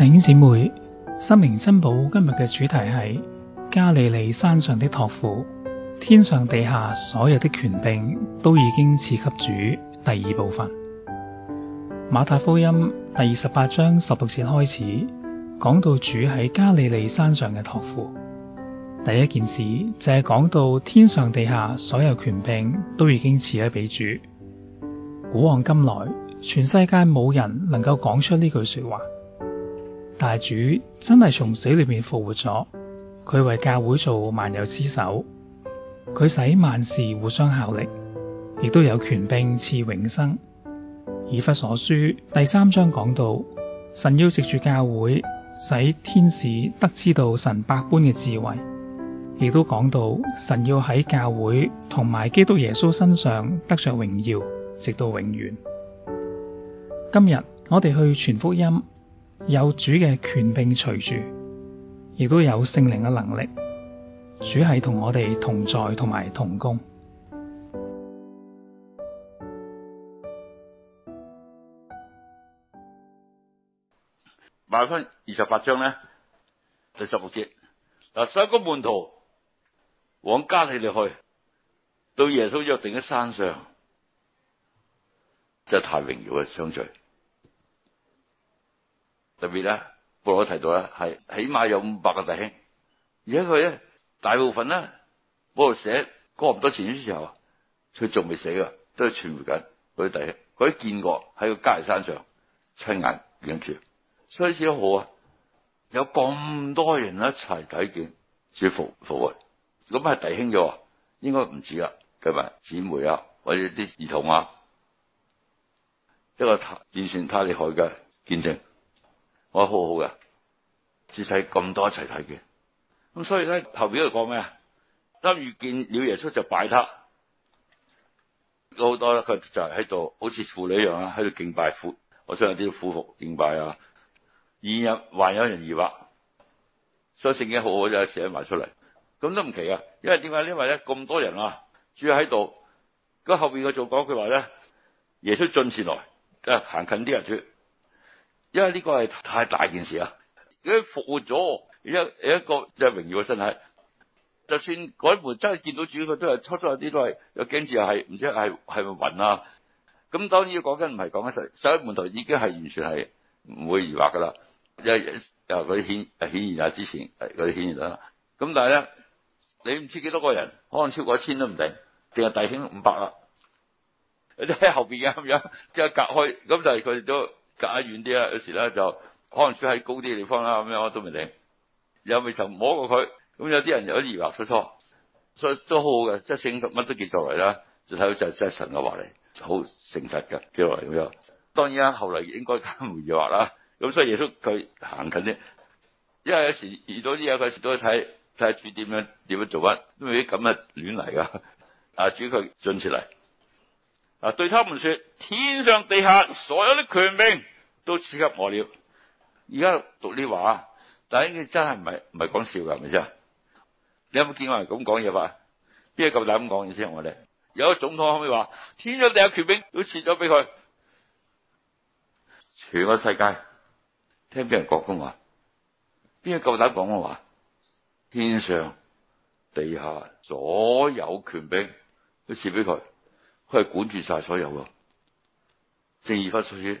弟兄姊妹，心靈珍寶今日嘅主題係加利利山上的託付，天上地下所有的權柄都已經賜給主。第二部分，馬太福音第二十八章十六節開始講到主喺加利利山上嘅託付，第一件事就係講到天上地下所有權柄都已經賜喺俾主。古往今來，全世界冇人能夠講出呢句說話。.大主真係從死裏面復活咗，佢為教會做萬有之首，佢使萬事互相效力，亦都有權柄賜永生。以弗所書第三章講到，神要藉住教會，使天使得知道神百般嘅智慧，亦都講到神要喺教會同埋基督耶穌身上得着榮耀，直到永遠。今日我哋去傳福音。有主嘅權柄隨住，亦都有聖靈嘅能力。主係同我哋同在同埋同工。馬太二十八章咧，第十六節嗱，十一個門徒往加利利去，到耶穌約定嘅山上，真、就、係、是、太榮耀嘅相聚。特別咧，保羅提到咧，係起碼有五百個弟兄，而且佢咧大部分咧，嗰度寫過哥林多前書之後啊，佢仲未死啊，都係存活緊嗰啲弟兄，佢見過喺個加利利山上親眼見住，所以始得好啊！有咁多人一齊睇見主復復活，咁係弟兄咗啊，應該唔止啊，佢咪姊妹啊或者啲兒童啊，一個太完全太厲害嘅見證。我好好嘅，只使咁多一齊睇嘅，咁所以咧後邊佢講咩啊？當遇見了耶穌就拜他，多他好多咧，佢就喺度好似婦女一樣啊，喺度敬拜婦。我相信啲婦服敬拜啊。現日還有人疑惑，所以聖經好好就寫埋出嚟，咁都唔奇啊。因為點解？因為咧咁多人啊，住喺度，咁後邊佢仲講句話咧，耶穌進前來，行近啲啊住。因為呢個係太大件事啊！一復活咗，一有一個即係榮耀嘅身體，就算改門，門真係見到主，佢都係初初有出咗一啲都係有驚住，又係唔知係係咪暈啊！咁當然講緊唔係講緊實，十一門徒已經係完全係唔會疑惑噶啦，又又嗰啲顯顯現啊之前，嗰啲顯現啦。咁但係咧，你唔知幾多個人，可能超過一千都唔定，定係弟兄五百啦，有啲喺後邊嘅咁樣，即係隔開，咁但係佢哋都。隔遠一遠啲啦，有時咧就可能住喺高啲嘅地方啦，咁樣我都未定。又未曾摸過佢，咁有啲人有啲疑惑出錯，所以都好好嘅。即係聖乜都叫做嚟啦，就睇到就係神嘅話嚟，好誠實嘅叫落嚟咁樣。當然啦、啊，後嚟應該更唔疑惑啦。咁所以耶穌佢行近啲，因為有時遇到啲嘢，佢有時都睇睇主點樣點樣做翻，都未必咁嘅亂嚟噶。啊，主佢進前嚟啊，對他們説：天上地下所有的權柄。都刺激我了。而家讀呢話，但係真係唔係唔係講笑噶，係咪先？你有冇見過人咁講嘢話？邊個夠膽咁講嘢先？我哋有個總統可唔可以話，天上地下權柄都賜咗俾佢。全個世界聽邊人講嘅話，邊個夠膽講嘅話？天上地下左右所有權柄都賜俾佢，佢係管住晒所有噶。正義翻出去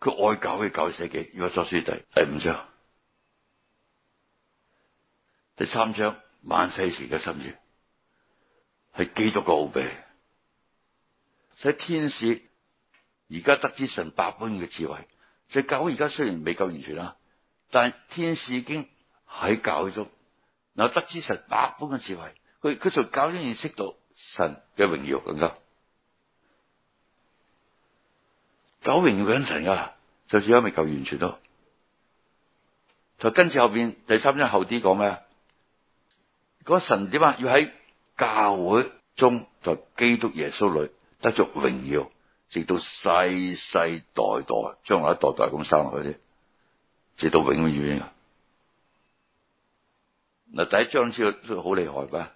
佢愛教嘅，以教死幾？以弗所書第第五章，第三章，萬世時嘅心意係基督嘅奧秘，使天使而家得知神百般嘅智慧。即教而家雖然未夠完全啦，但天使已經喺教咗，嗱得知神百般嘅智慧，佢佢從教已經認識到神嘅榮耀咁樣。有榮耀嘅神噶、啊，就算而家未夠完全都、啊。就跟住後邊第三章後啲講咩啊？那個、神點啊？要喺教會中，在、就是、基督耶穌裏得着榮耀，直到世世代代，將來一代代咁生落去，直到永遠啊！嗱，第一章先好厲害咩？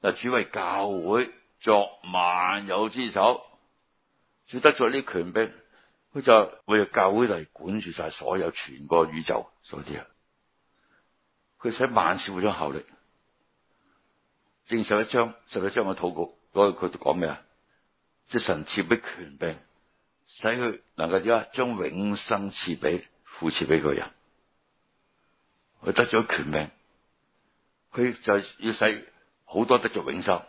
嗱，主為教會作萬有之首，主得咗啲權柄。佢就為了教會嚟管住晒所有全個宇宙，所以啲啊，佢使萬事互相效力。正十一章，十一章嘅禱告，嗰佢講咩啊？即神賜俾權柄，使佢能夠點啊？將永生賜俾，付賜俾個人。佢得咗權柄，佢就要使好多得着永生，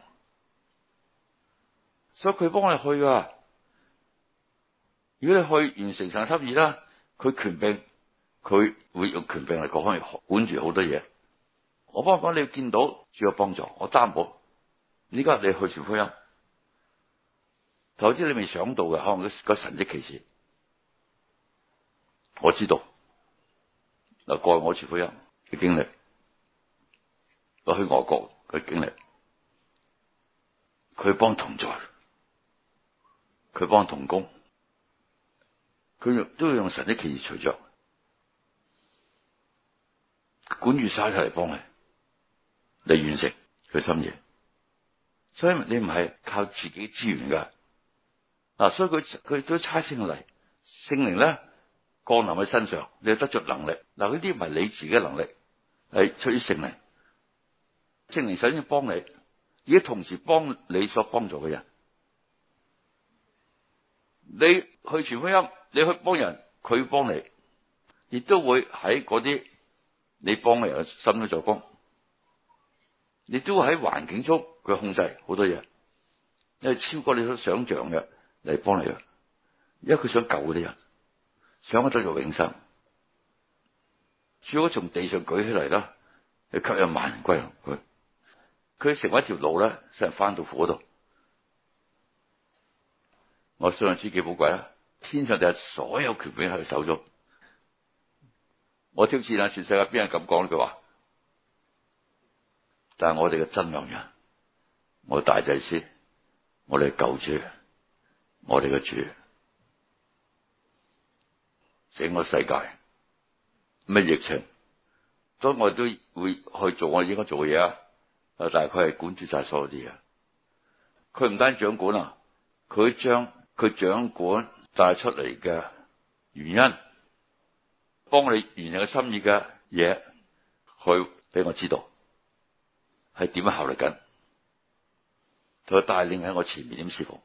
所以佢幫我哋去啊！如果你去完成神旨意啦，佢權柄，佢會用權柄嚟各方面管住好多嘢。我幫我講，你要見到主要幫助，我擔保。依家你去傳福音，頭先你未想到嘅，可能個神蹟奇事，我知道。嗱，過去我傳福音嘅經歷，我去外國嘅經歷，佢幫同在，佢幫同工。佢用都要用神的奇事除着，管住晒佢嚟幫你嚟完成佢心意，所以你唔係靠自己資源噶。嗱，所以佢佢都差聖嚟聖靈咧降臨喺身上，你得着能力，嗱，呢啲唔係你自己嘅能力，係出於聖靈，聖靈想要幫你，而且同時幫你所幫助嘅人，你去傳福音。你去幫人，佢幫你，亦都會喺嗰啲你幫嘅人嘅心裏做工。你都喺環境中佢控制好多嘢，因為超過你所想象嘅嚟幫你嘅。因為佢想救嗰啲人，想我得到永生，主若從地上舉起嚟啦，就吸引萬人歸佢。佢成為一條路咧，使人返到火度。我相信書幾寶貴啊！天上地下所有權柄喺佢手中。我挑戰，全世界，邊人咁講佢話：，但係我哋嘅真良人，我大祭司，我哋救主，我哋嘅主，整個世界咩疫情，都我都會去做我應該做嘅嘢啊！但係佢係管住晒所有嘢，佢唔單掌管啊，佢將佢掌管。帶出嚟嘅原因，幫你完成個心意嘅嘢，佢俾我知道係點樣效力緊，同埋帶領喺我前面點侍奉。